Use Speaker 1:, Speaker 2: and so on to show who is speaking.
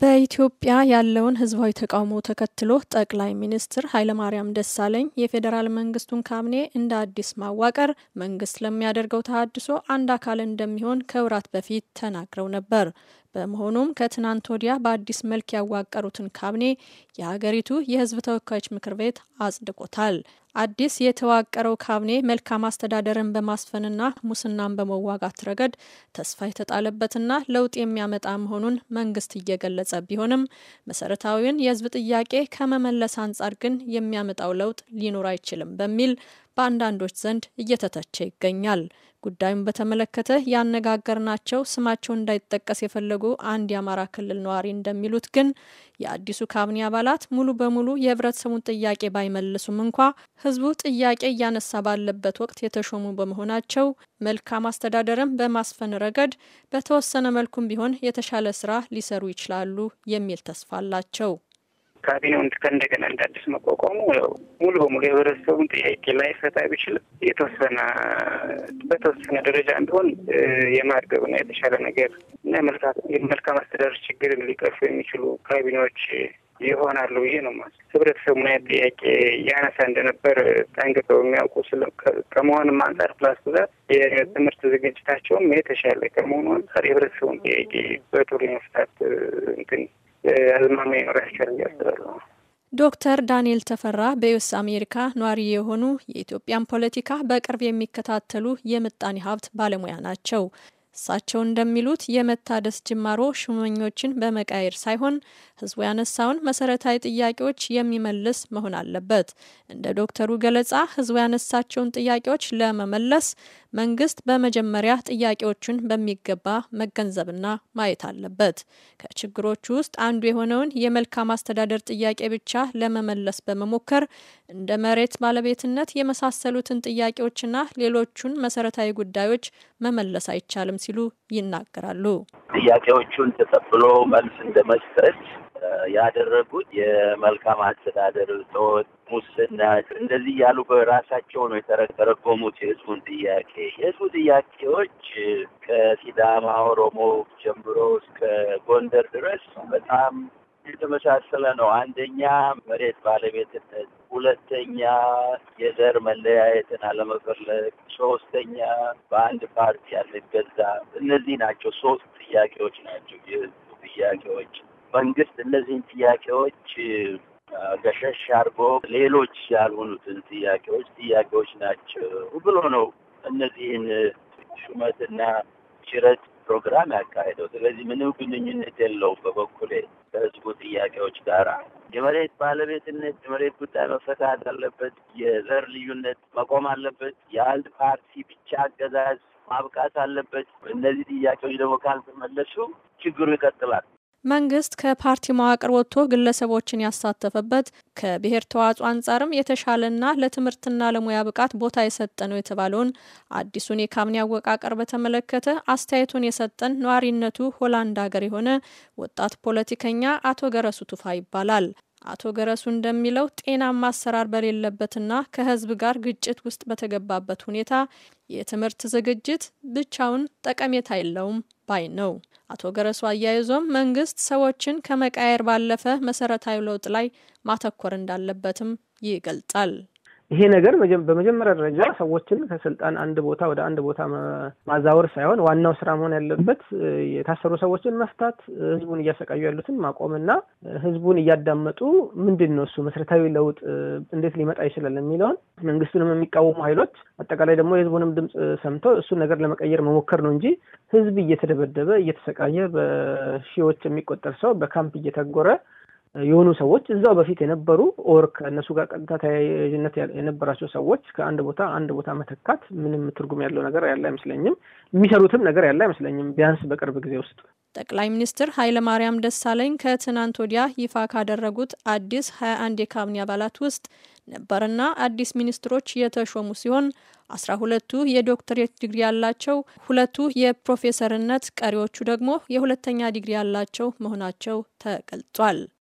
Speaker 1: በኢትዮጵያ ያለውን ህዝባዊ ተቃውሞ ተከትሎ ጠቅላይ ሚኒስትር ኃይለማርያም ደሳለኝ የፌዴራል መንግስቱን ካቢኔ እንደ አዲስ ማዋቀር መንግስት ለሚያደርገው ተሃድሶ አንድ አካል እንደሚሆን ከውራት በፊት ተናግረው ነበር። በመሆኑም ከትናንት ወዲያ በአዲስ መልክ ያዋቀሩትን ካቢኔ የሀገሪቱ የሕዝብ ተወካዮች ምክር ቤት አጽድቆታል። አዲስ የተዋቀረው ካቢኔ መልካም አስተዳደርን በማስፈንና ሙስናን በመዋጋት ረገድ ተስፋ የተጣለበትና ለውጥ የሚያመጣ መሆኑን መንግስት እየገለጸ ቢሆንም መሰረታዊውን የህዝብ ጥያቄ ከመመለስ አንጻር ግን የሚያመጣው ለውጥ ሊኖር አይችልም በሚል በአንዳንዶች ዘንድ እየተተቸ ይገኛል። ጉዳዩን በተመለከተ ያነጋገርናቸው ስማቸው እንዳይጠቀስ የፈለጉ አንድ የአማራ ክልል ነዋሪ እንደሚሉት ግን የአዲሱ ካቢኔ አባላት ሙሉ በሙሉ የህብረተሰቡን ጥያቄ ባይመልሱም እንኳ ህዝቡ ጥያቄ እያነሳ ባለበት ወቅት የተሾሙ በመሆናቸው መልካም አስተዳደርም በማስፈን ረገድ በተወሰነ መልኩም ቢሆን የተሻለ ስራ ሊሰሩ ይችላሉ የሚል ተስፋ አላቸው።
Speaker 2: ካቢኔውን ከእንደገና እንደ አዲስ መቋቋሙ ሙሉ በሙሉ የህብረተሰቡን ጥያቄ ላይፈታ ቢችል የተወሰነ በተወሰነ ደረጃ እንዲሆን የማርገብና የተሻለ ነገር እና የመልካም አስተዳደር ችግር ሊቀርፉ የሚችሉ ካቢኔዎች ይሆናሉ ብዬ ነው ማለት ህብረተሰቡን ያ ጥያቄ ያነሳ እንደነበር ጠንቅቀው የሚያውቁ ከመሆንም አንጻር ፕላስ ብዛት የትምህርት ዝግጅታቸውም የተሻለ ከመሆኑ አንጻር የህብረተሰቡን ጥያቄ በጥሩ የመፍታት እንትን አዝማሚያ ይኖራቸዋል እያስባለሁ።
Speaker 1: ዶክተር ዳንኤል ተፈራ በዩስ አሜሪካ ኗሪ የሆኑ የኢትዮጵያን ፖለቲካ በቅርብ የሚከታተሉ የምጣኔ ሀብት ባለሙያ ናቸው። እሳቸው እንደሚሉት የመታደስ ጅማሮ ሹመኞችን በመቃየር ሳይሆን ህዝቡ ያነሳውን መሰረታዊ ጥያቄዎች የሚመልስ መሆን አለበት። እንደ ዶክተሩ ገለጻ ህዝቡ ያነሳቸውን ጥያቄዎች ለመመለስ መንግስት በመጀመሪያ ጥያቄዎቹን በሚገባ መገንዘብና ማየት አለበት። ከችግሮቹ ውስጥ አንዱ የሆነውን የመልካም አስተዳደር ጥያቄ ብቻ ለመመለስ በመሞከር እንደ መሬት ባለቤትነት የመሳሰሉትን ጥያቄዎችና ሌሎቹን መሰረታዊ ጉዳዮች መመለስ አይቻልም ሲሉ ይናገራሉ።
Speaker 3: ጥያቄዎቹን ተቀብሎ መልስ እንደ መስጠት ያደረጉት የመልካም አስተዳደር እጦት፣ ሙስና እንደዚህ ያሉ በራሳቸው ነው የተረጎሙት የህዝቡን ጥያቄ። የህዝቡ ጥያቄዎች ከሲዳማ ኦሮሞ ጀምሮ እስከ ጎንደር ድረስ በጣም የተመሳሰለ ነው። አንደኛ መሬት ባለቤትነት፣ ሁለተኛ የዘር መለያየትን አለመፈለግ፣ ሶስተኛ በአንድ ፓርቲ ገዛ። እነዚህ ናቸው ሶስት ጥያቄዎች ናቸው የህዝቡ ጥያቄዎች። መንግስት እነዚህን ጥያቄዎች ገሸሽ አድርጎ ሌሎች ያልሆኑትን ጥያቄዎች ጥያቄዎች ናቸው ብሎ ነው እነዚህን ሹመትና ሽረት ፕሮግራም ያካሄደው። ስለዚህ ምንም ግንኙነት የለውም በበኩሌ ከህዝቡ ጥያቄዎች ጋር። የመሬት ባለቤትነት የመሬት ጉዳይ መፈታት አለበት። የዘር ልዩነት መቆም አለበት። የአንድ ፓርቲ ብቻ አገዛዝ ማብቃት አለበት። እነዚህ ጥያቄዎች ደግሞ ካልተመለሱ ችግሩ ይቀጥላል።
Speaker 1: መንግስት ከፓርቲ መዋቅር ወጥቶ ግለሰቦችን ያሳተፈበት ከብሔር ተዋጽኦ አንጻርም የተሻለና ለትምህርትና ለሙያ ብቃት ቦታ የሰጠ ነው የተባለውን አዲሱን የካቢኔ አወቃቀር በተመለከተ አስተያየቱን የሰጠን ነዋሪነቱ ሆላንድ ሀገር የሆነ ወጣት ፖለቲከኛ አቶ ገረሱ ቱፋ ይባላል። አቶ ገረሱ እንደሚለው ጤናማ አሰራር በሌለበትና ከህዝብ ጋር ግጭት ውስጥ በተገባበት ሁኔታ የትምህርት ዝግጅት ብቻውን ጠቀሜታ የለውም ባይ ነው። አቶ ገረሱ አያይዞም መንግስት ሰዎችን ከመቃየር ባለፈ መሰረታዊ ለውጥ ላይ ማተኮር እንዳለበትም ይገልጻል።
Speaker 2: ይሄ ነገር በመጀመሪያ ደረጃ ሰዎችን ከስልጣን አንድ ቦታ ወደ አንድ ቦታ ማዛወር ሳይሆን ዋናው ስራ መሆን ያለበት የታሰሩ ሰዎችን መፍታት፣ ህዝቡን እያሰቃዩ ያሉትን ማቆም እና ህዝቡን እያዳመጡ ምንድን ነው እሱ መሰረታዊ ለውጥ እንዴት ሊመጣ ይችላል የሚለውን መንግስቱንም የሚቃወሙ ኃይሎች አጠቃላይ ደግሞ የህዝቡንም ድምፅ ሰምቶ እሱን ነገር ለመቀየር መሞከር ነው እንጂ ህዝብ እየተደበደበ እየተሰቃየ በሺዎች የሚቆጠር ሰው በካምፕ እየተጎረ የሆኑ ሰዎች እዛው በፊት የነበሩ ኦር ከእነሱ ጋር ቀጥታ ተያያዥነት የነበራቸው ሰዎች ከአንድ ቦታ አንድ ቦታ መተካት ምንም ትርጉም ያለው ነገር ያለ አይመስለኝም። የሚሰሩትም ነገር ያለ አይመስለኝም፣ ቢያንስ በቅርብ ጊዜ ውስጥ።
Speaker 1: ጠቅላይ ሚኒስትር ማርያም ደሳለኝ ከትናንት ወዲያ ይፋ ካደረጉት አዲስ 21 የካቢኔ አባላት ውስጥ ነበርና አዲስ ሚኒስትሮች የተሾሙ ሲሆን አስራ ሁለቱ የዶክተሬት ዲግሪ ያላቸው፣ ሁለቱ የፕሮፌሰርነት፣ ቀሪዎቹ ደግሞ የሁለተኛ ዲግሪ ያላቸው መሆናቸው ተገልጿል።